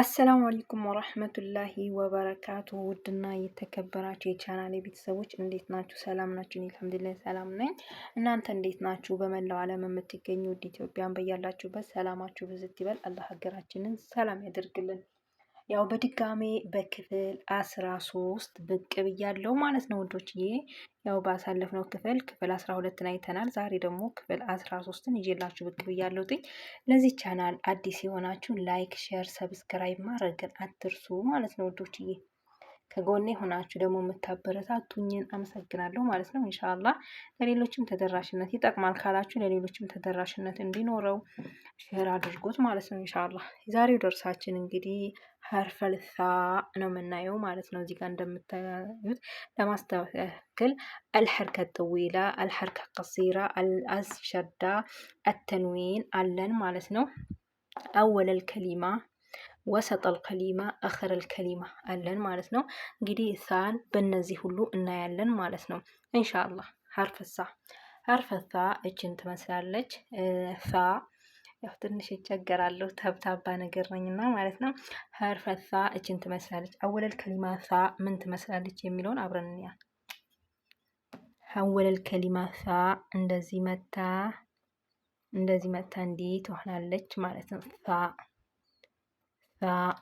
አሰላሙ አለይኩም ወራህመቱላሂ ወበረካቱ። ውድና የተከበራችሁ የቻናሌ ቤተሰቦች እንዴት ናችሁ? ሰላም ናችሁ? አልሐምዱሊላህ ሰላም ነኝ። እናንተ እንዴት ናችሁ? በመላው ዓለም የምትገኙ ውድ ኢትዮጵያን በያላችሁበት ሰላማችሁ ብዝት ይበል። አላህ ሀገራችንን ሰላም ያደርግልን። ያው በድጋሜ በክፍል አስራ ሶስት ብቅ ብያለሁ ማለት ነው ውዶችዬ። ያው ባሳለፍነው ክፍል ክፍል አስራ ሁለትን አይተናል። ዛሬ ደግሞ ክፍል አስራ ሶስትን ይዤላችሁ ብቅ ብያለሁ። ጥኝ ለዚህ ቻናል አዲስ የሆናችሁ ላይክ፣ ሼር፣ ሰብስክራይብ ማድረግን አትርሱ ማለት ነው ውዶችዬ። ከጎኔ ሆናችሁ ደግሞ የምታበረታቱኝን አመሰግናለሁ ማለት ነው። እንሻላ ለሌሎችም ተደራሽነት ይጠቅማል ካላችሁ ለሌሎችም ተደራሽነት እንዲኖረው ሼር አድርጉት ማለት ነው። ኢንሻአላ የዛሬው ደርሳችን እንግዲህ ሀርፈል ነው የምናየው ማለት ነው። እዚጋ እንደምታዩት ለማስታወስ ያክል አልሐርከ ጠዊላ፣ አልሐርከ ቀሲራ፣ አልአስሸዳ፣ አተንዊን አለን ማለት ነው። አወለል ከሊማ ወሰጠል ከሊማ አኸረል ከሊማ አለን ማለት ነው። እንግዲህ ሳን በእነዚህ ሁሉ እናያለን ማለት ነው እንሻላ ሀርፈሳ ሀርፈሳ እችን ትመስላለች ሳ ያው ትንሽ ይቸገራለሁ ተብታባ ነገር ነኝና ማለት ነው። ሀርፈሳ እችን ትመስላለች። አወለል ከሊማ ሳ ምን ትመስላለች የሚለውን አብረን እንያል። አወለል ከሊማ ሳ እንደዚህ መታ እንደዚህ መታ እንዲህ ትሆናለች ማለት ነው ሳ ذا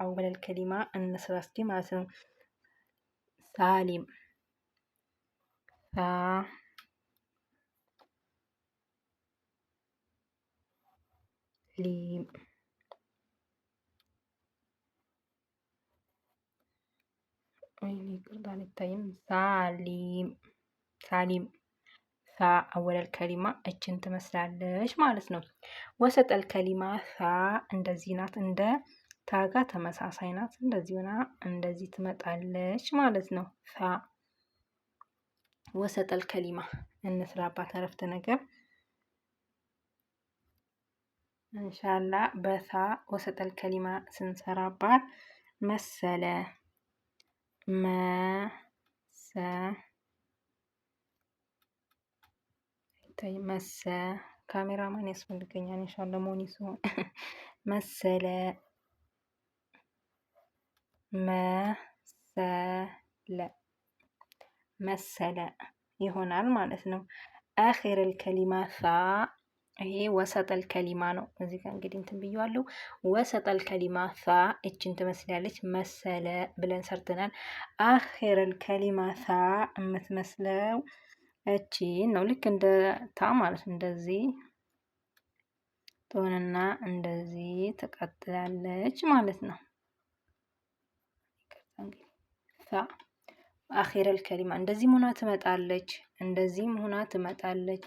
أول الكلمة أن النسرستي ماسن سالم ثا ليم ويلي قرض عن التايم طيب. سالم سالم ሳ አወለል ከሊማ እችን ትመስላለች ማለት ነው። ወሰጠል ከሊማ ሳ እንደዚህ ናት። እንደ ታጋ ተመሳሳይ ናት። እንደዚህ ሆና እንደዚህ ትመጣለች ማለት ነው። ሳ ወሰጠል ከሊማ እንስራባት አረፍተ ነገር እንሻላ በሳ ወሰጠል ከሊማ ስንሰራባት መሰለ መሰ ተይ መሰ ካሜራማን ያስፈልገኛል። ኢንሻአላህ ሞኒ ሲሆን መሰለ መሰለ መሰለ ይሆናል ማለት ነው። አኼር ልከሊማ ሳ ይሄ ወሰጠል ከሊማ ነው። እዚ ጋ እንግዲህ እንትን ብየዋለሁ። ወሰጠል ከሊማ ሳ እችን ትመስላለች። መሰለ ብለን ሰርተናል። አኼር ከሊማ ሳ የምትመስለው እቺ ነው ልክ እንደ ታ ማለት እንደዚህ ትሆንና እንደዚህ ትቀጥላለች ማለት ነው። አኺረል ከሊማ እንደዚህ መሆና ትመጣለች። እንደዚህ ሆና ትመጣለች።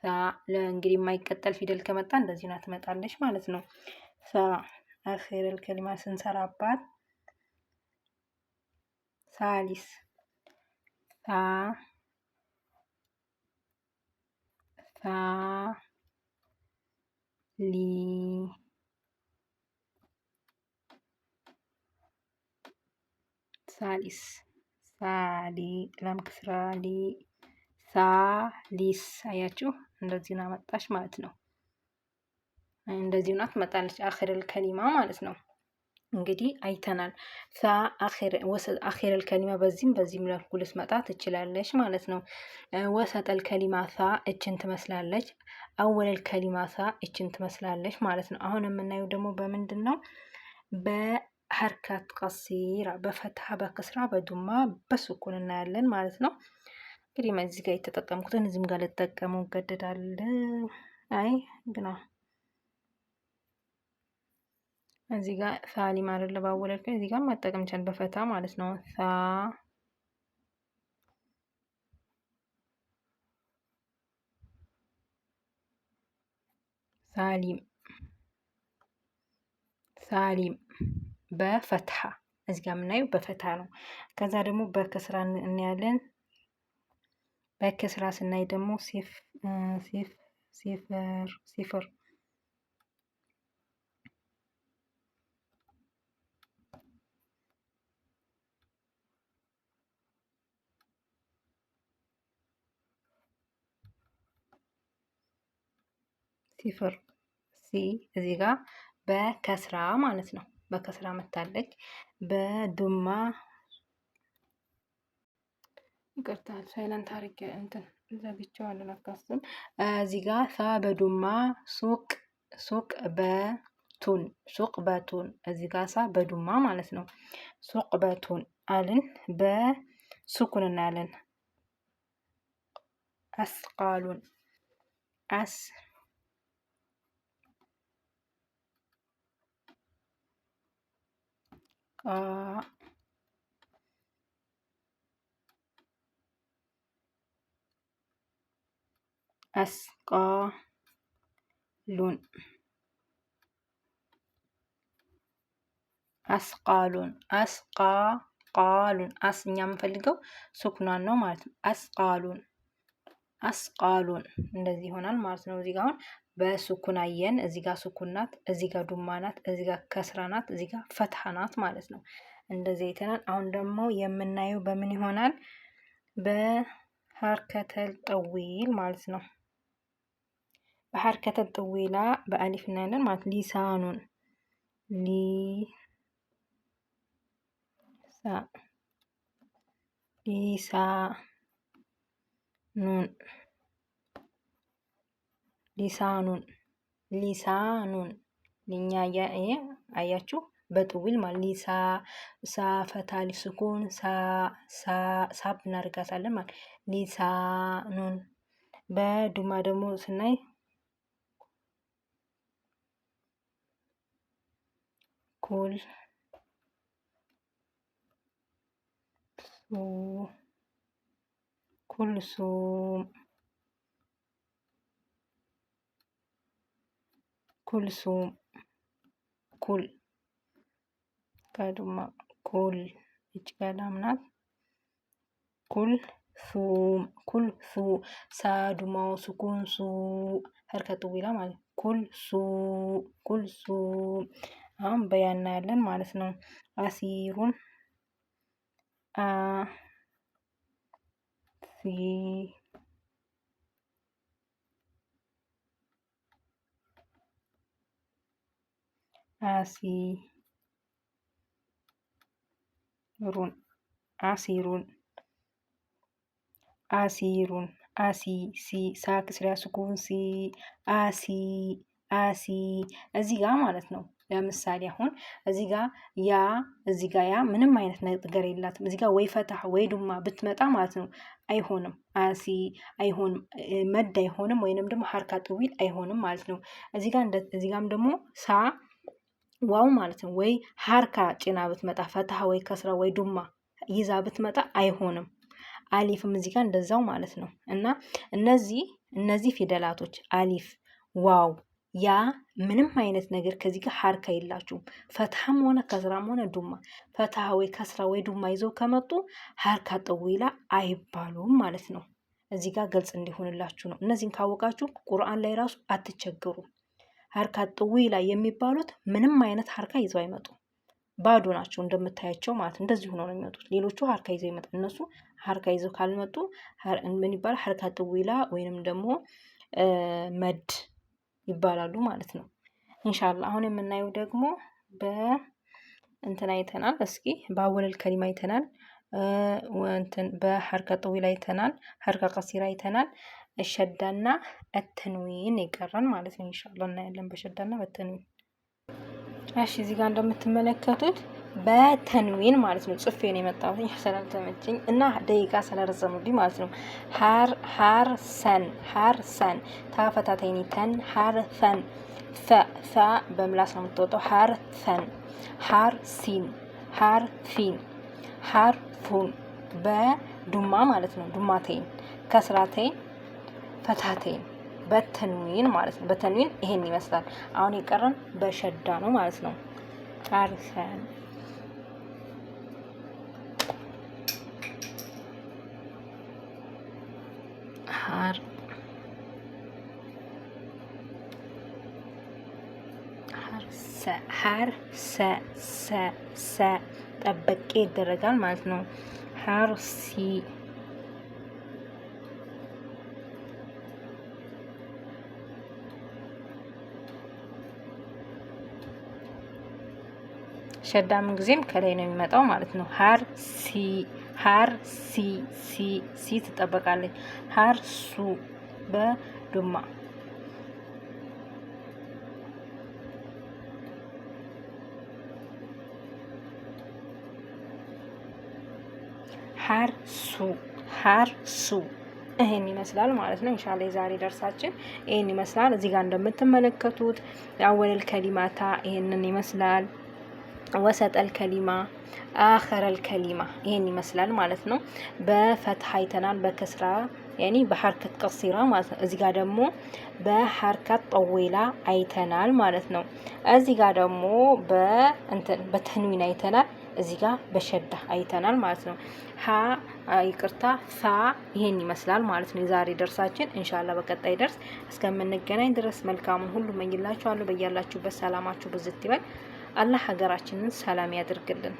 ሳ ለእንግዲህ የማይቀጠል ፊደል ከመጣ እንደዚህ ሆና ትመጣለች ማለት ነው። ሳ ከሊማ ስንሰራባት ሳሊስ ሳ ሊ ሳሊስ ሳሊ ላም ክስራ ሊ ሳሊስ አያችሁ፣ እንደዚሁን አመጣች ማለት ነው። እንደዚሁን አትመጣለች አክርል ከሊማ ማለት ነው። እንግዲህ አይተናል። ሳ አኼረል ከሊማ በዚህም በዚህም መልኩ ልትመጣ ትችላለች ማለት ነው። ወሰጠል ከሊማ ሳ እችን ትመስላለች። አወለል ከሊማ ሳ እችን ትመስላለች ማለት ነው። አሁን የምናየው ደግሞ በምንድን ነው? በሀርካት ቀሲራ፣ በፈትሀ፣ በክስራ፣ በዱማ፣ በሱኩን እናያለን ማለት ነው። እንግዲህ እዚህ ጋር የተጠቀምኩትን እዚህም ጋር ልጠቀመው እገደዳለሁ። አይ ግና እዚህ ጋር ሳሊም አይደለ ባወለድኩኝ እዚህ ጋር መጠቀም ይቻል በፈታ ማለት ነው። ሳ ሳሊም ሳሊም በፈትሐ እዚህ ጋር የምናየው በፈታ ነው። ከዛ ደግሞ በክስራ እናያለን። በክስራ ስናይ ደግሞ ሲፍ ሲፍ ሲፍር ሲፍር ሲፍር ሲ እዚህ ጋር በከስራ ማለት ነው። በከስራ መታለች። በዱማ ይቅርታ ሳይለንት አርጌ እንትን ዘግቼዋለሁ። ለካስም እዚህ ጋር ሳ በዱማ ሱቅ ሱቅ በቱን ሱቅ በቱን እዚህ ጋር ሳ በዱማ ማለት ነው። ሱቅ በቱን አልን በሱኩን እናያለን። አስቃሉን አስ Aa, asqaሉን አስቃሉን አስቃቃሉን አስ እኛ የምንፈልገው ሱኩኗን ነው ማለት ነው። አስቃሉን አስቃሉን እንደዚህ ይሆናል ማለት ነው። እዚህ ጋ አሁን በሱኩን አየን። እዚህ ጋ ሱኩን ናት፣ እዚህ ዱማ ናት፣ እዚህ ከስራ ናት፣ እዚህ ፈትሐ ናት ማለት ነው። እንደዚህ አይተናል። አሁን ደግሞ የምናየው በምን ይሆናል? በሀርከተል ጠዊል ማለት ነው። በሀርከተል ጠዊላ በአሊፍ እናያለን ማለት ሊሳኑን ሊሳ ኑን ሊሳኑን ሊሳኑን ሊኛ አያችሁ በጥዊል ማለት ሊሳ ሳ ፈታ ሊፍ ስኩን ሳብ እናደርጋታለን ማለት ሊሳኑን። በዱማ ደግሞ ስናይ ኩል ሱ ኩልሱም ኩልሱም ኩል ከድማ ኩል እጅ ጋዳምናት ኩል ሱም ኩል ሱ ሳዱማው ሱኩን ሱ ሀርከቱ ቢላ ማለት ኩል ሱ ኩል ሱ አሁን በያና ያለን ማለት ነው። አሲሩን ብዬ አሲ ሩን አሲሩን አሲሩን አሲ ሲ ሳክስሪያ ስኩን ሲ አሲ አሲ እዚህ ጋር ማለት ነው። ለምሳሌ አሁን እዚህ ጋ ያ እዚህ ጋ ያ ምንም አይነት ነገር የላትም። እዚህ ወይ ፈታህ ወይ ዱማ ብትመጣ ማለት ነው አይሆንም። አሲ አይሆንም፣ መድ አይሆንም፣ ወይንም ደግሞ ሀርካ ጥዊል አይሆንም ማለት ነው። እዚህ ጋር እዚህ ጋም ደግሞ ሳ ዋው ማለት ነው። ወይ ሀርካ ጭና ብትመጣ ፈታህ ወይ ከስራ ወይ ዱማ ይዛ ብትመጣ አይሆንም። አሊፍም እዚህ ጋ እንደዛው ማለት ነው። እና እነዚህ እነዚህ ፊደላቶች አሊፍ ዋው ያ ምንም አይነት ነገር ከዚህ ጋር ሀርካ የላችሁም። ፈትሐም ሆነ ከስራም ሆነ ዱማ ፈትሐ ወይ ከስራ ወይ ዱማ ይዘው ከመጡ ሀርካ ጠዊላ አይባሉም ማለት ነው። እዚህ ጋር ገልጽ እንዲሆንላችሁ ነው። እነዚህን ካወቃችሁ ቁርአን ላይ ራሱ አትቸገሩም። ሀርካ ጠዊላ የሚባሉት ምንም አይነት ሀርካ ይዘው አይመጡም። ባዶ ናቸው እንደምታያቸው ማለት እንደዚህ ሆነው ነው የሚመጡት። ሌሎቹ ሀርካ ይዘው ይመጣ እነሱ ሀርካ ይዘው ካልመጡ ምን ይባላል? ሀርካ ጥዊላ ወይንም ደግሞ መድ ይባላሉ ማለት ነው። እንሻላ አሁን የምናየው ደግሞ በእንትን አይተናል። እስኪ በአወለል ከሊማ አይተናል። በሀርካ ጠዊል አይተናል። ሐርካ ቀሲራ አይተናል። ሸዳና እተንዊን ይቀራል ማለት ነው። እንሻላ እናያለን በሸዳና በተንዊን። እሺ እዚህ ጋር እንደምትመለከቱት በተንዊን ማለት ነው ጽፌ ነው የመጣሁት ስላልተመቸኝ እና ደቂቃ ስለረዘሙብኝ ማለት ነው። ሀር ሀር ሰን ሀር ሰን ታፈታተኒ ተን ሀር ፈን ፈ ፈ በምላስ ነው የምትወጣው። ሀር ፈን ሀር ሲን ሀር ፊን ሀር ፉን በዱማ ማለት ነው። ዱማቴን ከስራተይን ፈታተይን በተንዊን ማለት ነው። በተንዊን ይሄን ይመስላል። አሁን የቀረን በሸዳ ነው ማለት ነው። ሀር ሰን ሀር ሰ ሰ ሰ ጠበቄ ይደረጋል ማለት ነው። ሀር ሲ ሸዳም ጊዜም ከላይ ነው የሚመጣው ማለት ነው። ሀር ሲ ሀር ሲ ሲ ሲ ትጠበቃለች። ሀር ሱ በዱማ ሀርሱ ሀርሱ ይህን ይመስላል ማለት ነው። ኢንሻላ የዛሬ ደርሳችን ይህን ይመስላል። እዚህ ጋር እንደምትመለከቱት አወለል ከሊማታ ይህንን ይመስላል። ወሰጠል ከሊማ አኸረል ከሊማ ይህን ይመስላል ማለት ነው። በፈትሐ አይተናል። በከስራ ያኒ በሐርካት ቀሲራ ማለት ነው። እዚህ ጋር ደግሞ በሐርካት ጠዌላ አይተናል ማለት ነው። እዚህ ጋር ደግሞ በእንትን በተንዊን አይተናል። እዚህ ጋር በሸዳ አይተናል ማለት ነው። ሀ ይቅርታ ሳ ይሄን ይመስላል ማለት ነው። የዛሬ ደርሳችን እንሻላ በቀጣይ ደርስ እስከምንገናኝ ድረስ መልካሙን ሁሉ መኝላችኋለሁ። በያላችሁበት ሰላማችሁ ብዝት ይበል። አላህ ሀገራችንን ሰላም ያድርግልን።